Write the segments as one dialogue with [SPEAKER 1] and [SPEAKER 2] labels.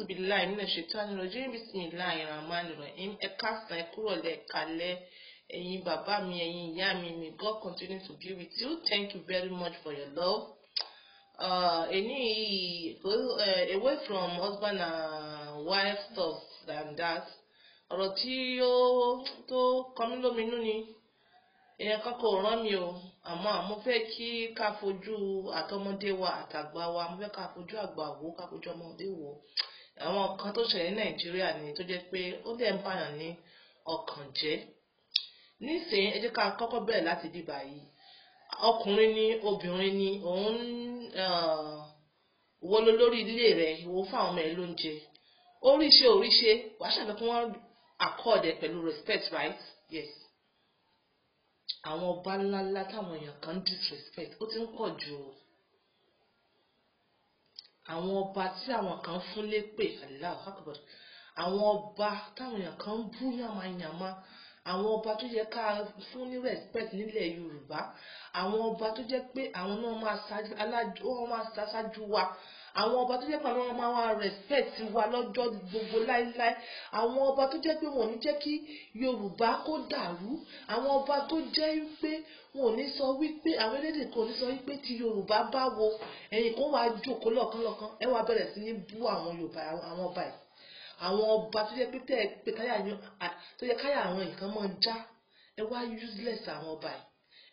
[SPEAKER 1] A'udhu billahi minash shaitani rajim bismillahir rahmanir rahim ẹ káàsán ẹ kúrọ̀lẹ́ ẹ kálẹ́ ẹ̀yin bàbá mi ẹ̀yin ìyá God continue to be with you thank you very much for your love. Èní uh, uh, away from husband and wife stuff than that ọ̀rọ̀ tí ó tó kọmí lóminú ni ìyẹn kọ́kọ́ rán mi o àmọ́ mo fẹ́ kí ká fojú àtọmọdé wa àtàgbà wa mo fẹ́ ká fojú àgbà wò ká fojú ọmọdé wò àwọn nǹkan tó ṣẹlẹ̀ ní nàìjíríà ni tó jẹ́ pé ó dẹ̀ ń bàyàn ní ọkàn jẹ́ nísìnyí ẹ jẹ́ ká kọ́kọ́ bẹ̀rẹ̀ láti bí báyìí ọkùnrin ni obìnrin ni òun wo ló lórí ilé rẹ̀ wo fáwọn ọmọ ẹ lóúnjẹ oríṣi oríṣi wàá ṣàlọ kí wọ́n accord ẹ respect right yes àwọn ọba ńláńlá táwọn èèyàn kan disrespect ó ti ń pọ̀ jù o àwọn ọba tí àwọn kan fún lépè aláwọ akọbọ àwọn ọba táwọn èèyàn kan ń bú yàmáyàmá àwọn ọba tó yẹ ká fún ní respect nílẹ̀ Yorùbá àwọn ọba tó jẹ́ pé àwọn náà máa ṣáájú wa àwọn ọba tó jẹ́ pé àwọn ọmọ wa respect wa lọ́jọ́ gbogbo láíláí àwọn ọba tó jẹ́ pé wọn ò ní jẹ́ kí Yorùbá kó dàrú àwọn ọba tó jẹ́ pé wọn ò ní sọ wípé àwọn elédè kan ní sọ wípé ti Yorùbá bá wo ẹ̀yìn kan wàá jòkó lọ́kànlọ́kàn ẹ wàá bẹ̀rẹ̀ sí ní bú àwọn Yorùbá àwọn ọba yìí àwọn ọba tó yẹ pé tẹ́ ẹ pé káyà àwọn nǹkan máa já ẹ wá useless àwọn ọba yìí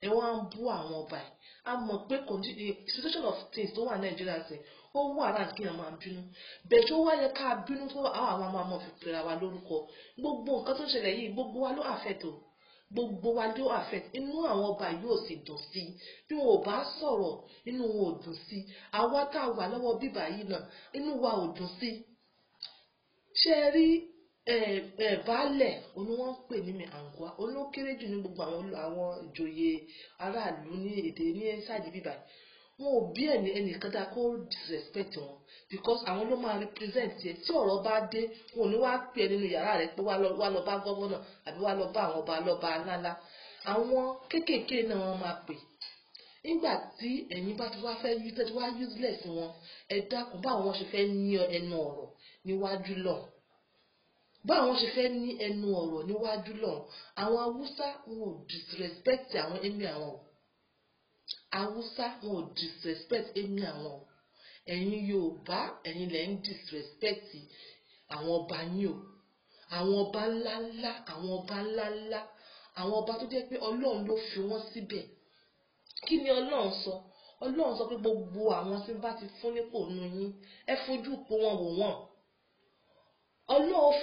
[SPEAKER 1] ẹ wọ́n á ń bú àwọn ọba yìí a mọ̀ pé situation of things tó wà nàìjíríà sí ó wà láti kí àwọn abínú bẹ̀jú ó wá yẹ ká bínú tó àwọn àwọn ọmọ fi pera wa lórúkọ gbogbo nǹkan tó ń ṣẹlẹ̀ yìí gbogbo wa ló àfẹ́tò gbogbo wa ló àfẹ́ inú àwọn ọba yóò sì dùn sí i bí wọn ò bá sọ̀rọ̀ inú wọn ò dùn sí i àwa tá a wà lọ́wọ́ bíbà yìí náà inú wa ò dùn sí i ṣe é rí baálẹ̀ oníwọ́n ń pè ní mi àǹgọ́á olókéré jù ní gbogbo àwọn àwọn ìjòyè aráàlú ní èdè ní ṣáàjì bíbá wọn ò bí ẹni ẹnìkan dáa kó disrespect wọn because àwọn ló máa represent yẹ tí ọ̀rọ̀ bá dé wọn ò ní wá pè nínú yàrá rẹ pé wá lọ bá gọ́vọ́nà àbí wá lọ bá àwọn ọba lọ́ba ńláńlá àwọn kéékèèké náà wọn máa pè nígbà tí ẹ̀yin bá ti wá fẹ́ tẹ́tí wá useless wọn ẹ dákun báwọn ṣe fẹ́ ní ẹnu ọ̀rọ̀ níwájú lọ́hùn báwọn ṣe fẹ́ ní ẹnu ọ̀rọ̀ níwájú lọ́hùn àwọn haúsá wọn ò disrespect àwọn ẹ̀mí àwọn o haúsá wọn ò disrespect ẹ̀mí àwọn o ẹ̀yin yorùbá ẹ̀yin lẹ̀ ń disrespect àwọn ọba yín o àwọn ọba ńláńlá àwọn ọba ńláńlá àwọn ọba tó jẹ́ pé ọlọ́run ló fi wọ́n síbẹ̀ kí ni ọlọ́run sọ ọlọ́run sọ pé gbogbo àwọn tí bá ti fún nípò nu yín ẹ fojú po wọn wò wọ́n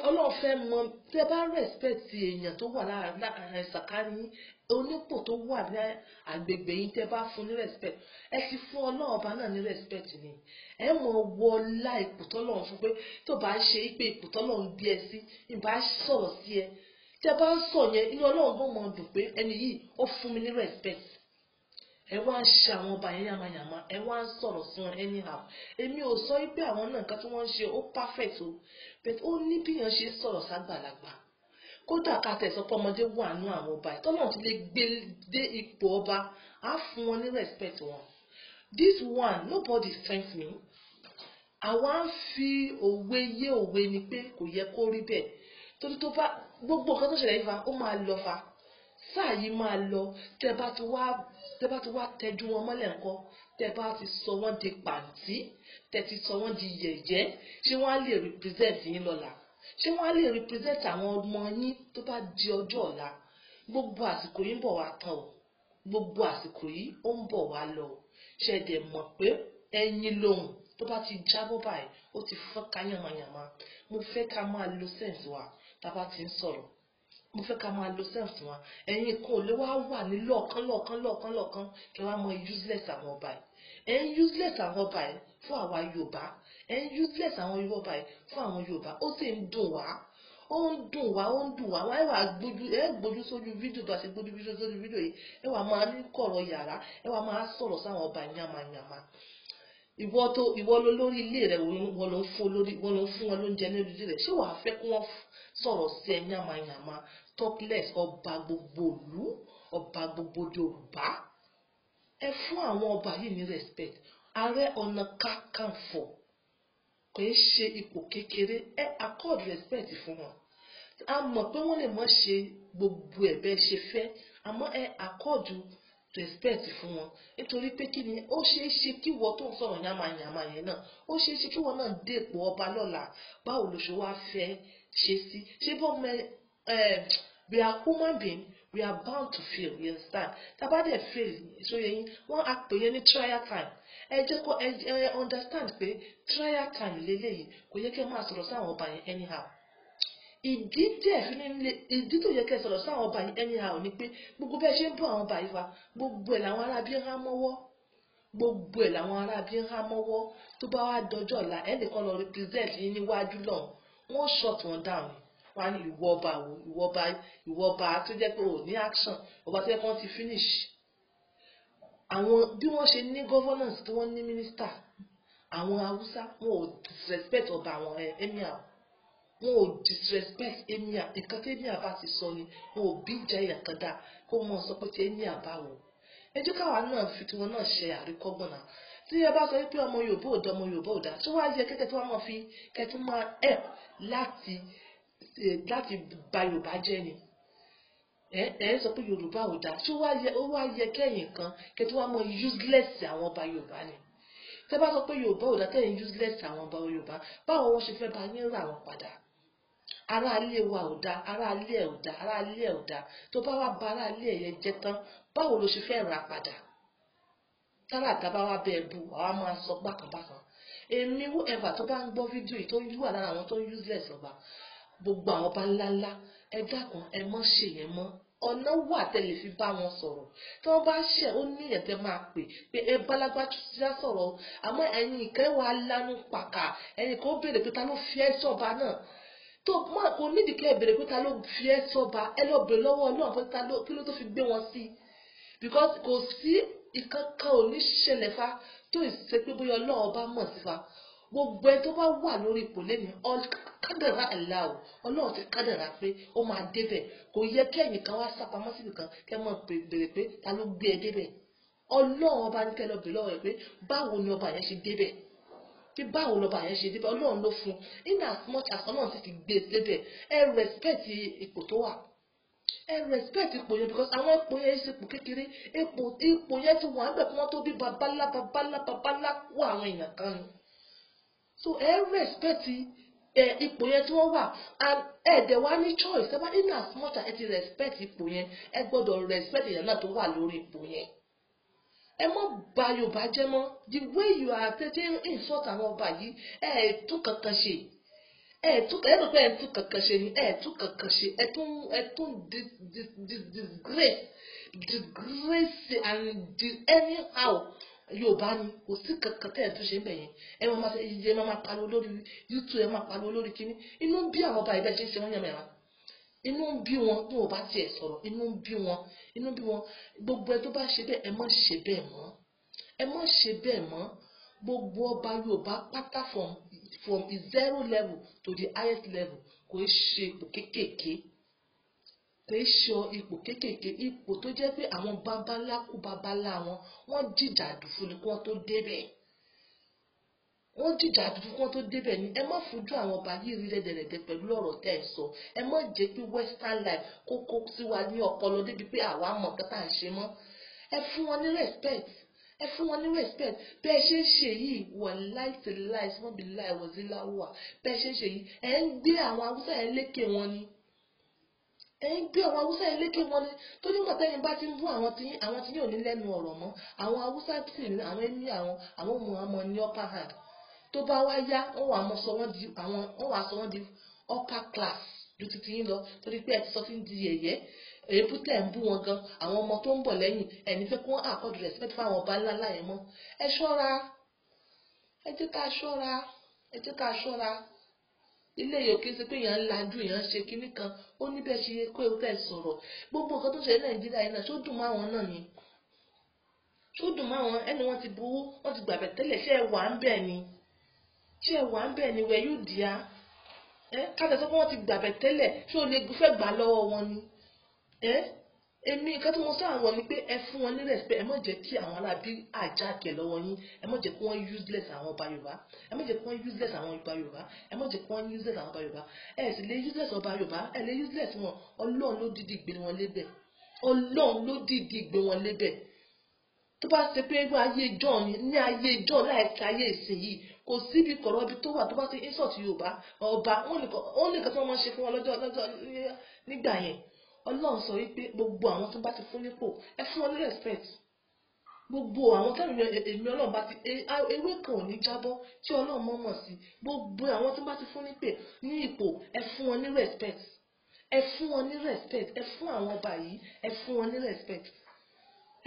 [SPEAKER 1] ọlọ́run fẹ́ mọ tẹ bá respect èèyàn tó wà lára ìsàkárí onípò tó wà ní agbègbè yìí tẹ bá fún ní respect ẹ ti fún ọlọ́run náà ní respect ni ẹ mọ wọlá ipò tọ́lọ́run fún pé tó bá ṣe pé ipò tọ́lọ́run gbé ẹ sí ìbá sọ̀rọ̀ sí ẹ tẹ bá ń sọ yẹn inú ọlọ́run mọ dùn pé ẹni yìí ó fún mi ní respect ẹ wá ń ṣe àwọn ọba yẹn yamayama ẹ wá ń sọ̀rọ̀ sí wọn anyhow èmi ò sọ wípé àwọn náà nǹkan tí wọ́n ń ṣe ó perfect o but ó ní bí yẹn ṣe sọ̀rọ̀ ságbàlagbà kódà ká tẹ̀sọ́ pé ọmọdé wà nú àwọn ọba ẹ̀ tọ́lọ́run ti lè gbé dé ipò ọba á fún wọn ní respect wọn this one nobody thank me àwa ń fi òwe yé òwe ni pé kò yẹ kó rí bẹ́ẹ̀ torí tó bá gbogbo nǹkan tó ṣẹlẹ̀ yìí fa ó máa lọ fa sáà yìí máa lọ tẹ bá ti wá tẹ bá ti wá tẹjú wọn mọ́lẹ̀ ńkọ́ tẹ bá ti sọ wọ́n di pàǹtí tẹ ti sọ wọ́n di yẹ̀yẹ́ ṣé wọ́n á lè represent yín lọ́la ṣé wọ́n á lè represent àwọn ọmọ yín tó bá di ọjọ́ ọ̀la gbogbo àsìkò yìí ń bọ̀ wá tán o gbogbo àsìkò yìí ó ń bọ̀ wá lọ ṣẹ̀dẹ̀ mọ̀ pé ẹyin lòun tó bá ti jábọ́ báyìí ó ti fọ́n ká mo fẹ́ ká máa lo sense wa tá a bá ti ń sọ̀rọ̀ mo fẹ́ ká máa lo self tiwọn ẹ̀yin kò lè wá wà ní lọ́ọ̀kan lọ́ọ̀kan lọ́ọ̀kan lọ́ọ̀kan kí wọ́n á mọ useless àwọn ọba yìí ẹ̀ ń useless àwọn ọba yìí fún àwa Yorùbá ẹ̀ ń useless àwọn Yorùbá yìí fún àwọn Yorùbá ó sì ń dùn wá ó ń dùn wá ó ń dùn wá wá ẹ wà gbójú ẹ gbójú sójú fídíò tó a ṣe gbójú fídíò sójú fídíò yìí ẹ wà máa ní kọ̀rọ̀ yàrá ẹ wà máa sọ̀rọ̀ sáwọn ọba yàmàyàmà ìwọ tó ìwọ ló lórí ilé rẹ wọn ló ń fún lórí wọn ló ń fún wọn lóúnjẹ lórí rẹ ṣé wàá fẹ́ kí wọ́n sọ̀rọ̀ sí ẹ yàmàyàmà topless ọba gbogbo ìlú ọba gbogbo Yorùbá ẹ fún àwọn ọba yìí ní respect ààrẹ ọ̀nà kakanfò kò í ṣe ipò kékeré ẹ accord respect fún wọn a mọ̀ pé wọ́n lè má ṣe gbogbo ẹ̀ bẹ́ẹ̀ ṣe fẹ́ àmọ́ ẹ accord respect fún wọn nítorí pé kí ni ó ṣeé ṣe kí wọ́n tó ń sọ̀rọ̀ yàmàyàmà yẹn náà ó ṣeé ṣe kí wọ́n náà dépò ọba lọ́la báwo ló ṣe wá fẹ́ ṣe sí ṣé bọ́ mẹ we are human being we are bound to fail you understand taba dey fail so yẹn wọ́n á pè yẹn ní trial time ẹ jẹ́ kó ẹ understand pé trial time lélẹ́yìn kò yẹ kí ẹ máa sọ̀rọ̀ sáwọn ọba yẹn anyhow ìdí díẹ̀ ìdí tó yẹ kẹ́ sọ̀rọ̀ sáwọn ọba yìí ẹni àwọn ni pé gbogbo bẹ́ẹ̀ ṣe ń bọ̀ àwọn ọba yìí wa gbogbo ẹ̀ làwọn aráabí ń há mọ́wọ́ gbogbo ẹ̀ làwọn aráabí ń há mọ́wọ́ tó bá wá dọjọ́ ọ̀la ẹnìkan lọ represent yín níwájú náà wọ́n short wọn down wá ní ìwọ ọba wo ìwọ ọba ìwọ ọba tó jẹ́ pé ò ní action ọba tó yẹ kí wọ́n ti finish àwọn bí wọ́n ṣe ní governance tí wọ́n ní minister àwọn haúsá wọn ò respect ọba àwọn emir wọn ò disrespect èmi nǹkan tí èmi àbá ti sọ ni wọn ò bí jẹ èèyàn kan dáa kó mọ sọ pé ti èmi àbá wò ẹ jẹ́ káwa náà fi tiwọn náà ṣe àríkọ́gbọ̀n náà tí ẹ bá sọ pé ọmọ Yorùbá ò dá ọmọ Yorùbá ò dá tí wọ́n á yẹ kẹ́kẹ́ tí wọ́n máa fi kẹ́tí máa help láti eh, láti bà Yorùbá jẹ́ ni ẹ ẹ sọ pé Yorùbá ò dá tí ó wá yẹ kẹ́yìn kan kẹ́tí wọ́n máa useless àwọn ọba Yorùbá ni tẹ́ bá sọ pé Yorùbá ò dá kẹ́yìn useless àwọn ọba Yorùbá báwo wọ́n ṣe fẹ́ bá yín rà wọ́n padà ará ilé wa ò da ará ilé ẹ̀ ò da ará ilé ẹ̀ ò da tó bá wá ba ará ilé ẹ̀ yẹn jẹ́ tán báwo ló ṣe fẹ́ rà padà tára àtàbá wa bẹ̀ bu àwa máa sọ bákanbákan èmi whoever tó bá ń gbọ́ fídíò yìí tó wà lára àwọn tó ń useless ọba gbogbo àwọn ọba ńláńlá ẹ dákun ẹ mọ́ ṣèyẹn mọ́ ọ̀nà wà tẹ́lẹ̀ fi bá wọn sọ̀rọ̀ tí wọ́n bá ṣẹ̀ ó ní ẹ̀tẹ́ máa pè pé ẹ bálágbá ṣíṣá sọ̀rọ̀ àmọ́ ẹ̀yin ìkẹ́wàá lánú pàkà ẹ̀yin kò béèrè pé ta ló fi ẹ́ sọ̀ba náà tó má kò nídìí kí ẹ bèrè pé ta ló fi ẹ sọba ẹ lọ bèrè lọ́wọ́ náà pé ta ló kí ló tó fi gbé wọn sí because kò sí ìkankan ò ní ṣẹlẹ̀ fa tó ìṣe pé bóyá ọlọ́run bá mọ̀ sí fa gbogbo ẹ tó bá wà lórí ipò lẹ́nu kádàrá àlá o ọlọ́run ti kádàrá pé ó máa débẹ̀ kò yẹ kí ẹ̀yìn kan wá sápamọ́ síbi kan kẹ́ mọ̀ bèrè pé ta ló gbé ẹ débẹ̀ ọlọ́run ọba ní kẹ́ lọ bèrè ẹ pé báwo ni ọba yẹn ṣe débẹ̀ pé báwo lọ́ba yẹn ṣe débẹ̀ ọlọ́run ló fún in as much as ọlọ́run ti fi gbé e débẹ̀ ẹ respect ipò tó wà ẹ respect ipò yẹn because àwọn ipò yẹn ṣe ipò kékeré ipò ipò yẹn ti wà níbẹ̀ kí wọ́n tó bí babalá babalá babalá kó àwọn èèyàn kan ni so ẹ respect ẹ ipò yẹn tí wọ́n wà and ẹ dẹ̀ wá ní choice ẹ bá in as much as ẹ ti respect ipò yẹn ẹ gbọ́dọ̀ respect èèyàn náà tó wà lórí ipò yẹn ẹ mọ bà Yorùbá jẹ́ mọ́ the way you are taking insult àwọn ọba yìí ẹ ẹ tún kankan ṣe ẹ ẹ tún ẹ rò pé ẹ tún kankan ṣe ni ẹ ẹ tún kankan ṣe ẹ tún ẹ tún disgrace disgrace and anyhow Yorùbá ni kò sí kankan tẹ́ ẹ tún ṣe ń bẹ̀ yẹn ẹ máa ma ṣe ẹ máa ma pariwo lórí YouTube ẹ máa pariwo lórí kíní inú bí àwọn ọba ìbẹ̀ ṣe ń ṣe wọ́n yẹn mẹ́ra inú ń bí wọn bí wọn bá tiẹ̀ sọ̀rọ̀ inú ń bí wọn inú ń bí wọn gbogbo ẹ tó bá ṣe bẹ́ẹ̀ ẹ má ṣe bẹ́ẹ̀ mọ́ ẹ má ṣe bẹ́ẹ̀ mọ́ gbogbo ọba Yorùbá pátá from from the zero level to the highest level kò í ṣe ipò kéékèèké kò í ṣe ipò kéékèèké ipò tó jẹ́ pé àwọn babalá kú babalá wọn wọ́n jìjà dùn fún ni kí wọ́n tó débẹ̀ wọ́n jìjà fún tó débẹ̀ ni ẹ má fojú àwọn ọba yìí rí rẹ́dẹ̀rẹ́dẹ̀ pẹ̀lú ọ̀rọ̀ tẹ́ ẹ sọ ẹ má jẹ́ pé western life kó kó sí wa ní ọpọlọ débi pé àwa mọ̀ kátà ń ṣe mọ́ ẹ fún wọn ní respect ẹ fún wọn ní respect bẹ ẹ ṣe ń ṣe yìí wọn láìsí láìsí wọn bí láì wọ sí láwùwà bẹ ẹ ṣe ń ṣe yìí ẹ ń gbé àwọn haúsá yẹn lékè wọn ni ẹ ń gbé àwọn haúsá yẹn lékè wọn ni tó nígbà tẹ́yìn bá ti ń bú àwọn tí àwọn tí yóò ní lẹ́nu ọ̀rọ̀ mọ́ àwọn haúsá sì ní àwọn ẹ̀mí àwọn àwọn ọmọ wọn mọ ní upper hand tó bá wá yá wọ́n wà mọ́ sọ wọ́n di àwọn wọ́n wà sọ wọ́n di upper class ju titi yín lọ torí pé ẹ ti sọ fi ń di yẹ̀yẹ́ èébú tẹ̀ ń bú wọn gan àwọn ọmọ tó ń bọ̀ lẹ́yìn ẹ̀ní fẹ́ kí wọ́n àkọ́dù respect fáwọn ọba ńlá láyé mọ́ ẹ ṣọ́ra ẹ jẹ́ ká ṣọ́ra ẹ jẹ́ ká ṣọ́ra ilé yìí ò kí n ṣe pé èèyàn ń lajú èèyàn ń ṣe kinní kan ó ní bẹ́ẹ̀ ṣe kó ewu tẹ̀ sọ̀rọ̀ gbogbo nǹkan tó ṣe nàìjíríà yìí náà ṣó dùn mọ́ àwọn náà ni ṣó dùn mọ́ àwọn ẹni wọ́n ti buwó wọ́n ti gbàbẹ̀ tẹ́lẹ̀ ṣé wà ń bẹ̀ ni tí ẹ wà ń bẹ̀ ni wẹ̀ yóò di a kájà sọ pé wọ́n ti gbàbẹ̀ tẹ́lẹ̀ ṣé o lè fẹ́ gbà lọ́wọ́ wọn ni èmi nǹkan tí mo sọ àwọn ni pé ẹ fún wọn ní respect ẹ má jẹ́ kí àwọn alábí àjákẹ́ lọ́wọ́ yín ẹ má jẹ́ kí wọ́n useless àwọn ọba yorùbá ẹ má jẹ́ kí wọ́n useless àwọn ọba yorùbá ẹ má jẹ́ kí wọ́n useless àwọn ọba yorùbá ẹ sì lè useless ọba yorùbá ẹ lè useless wọn ọlọ́run ló dìdí gbé wọn lébẹ̀ ọlọ́run ló dìdí gbé wọn lébẹ̀ tó bá ṣe pé ní ayé john ní ayé john láìka ayé ìsìn yìí kò síbi kọ̀rọ̀ ibi tó wà tó bá ti insult yorùbá ọba ó nìkan tí wọ́n máa ń ṣe fún wọn lọ́jọ́ lọ́jọ́ nígbà yẹn ọlọ́run sọ wípé gbogbo àwọn tó bá ti fún nípò ẹ fún wọn ní respect gbogbo àwọn tẹ́lẹ̀ èmi ọlọ́run bá ti ewé kan ò ní jábọ́ tí ọlọ́run mọ̀ mọ̀ sí gbogbo àwọn tó bá ti fún nípè ní ipò ẹ fún wọn ní respect ẹ fún wọn ní respect ẹ fún àwọn ọba yìí ẹ fún wọn ní respect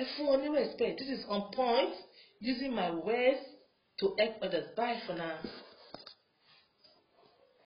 [SPEAKER 1] ẹ fún wọn ní respect this is on point using my words to help others. Bye for now.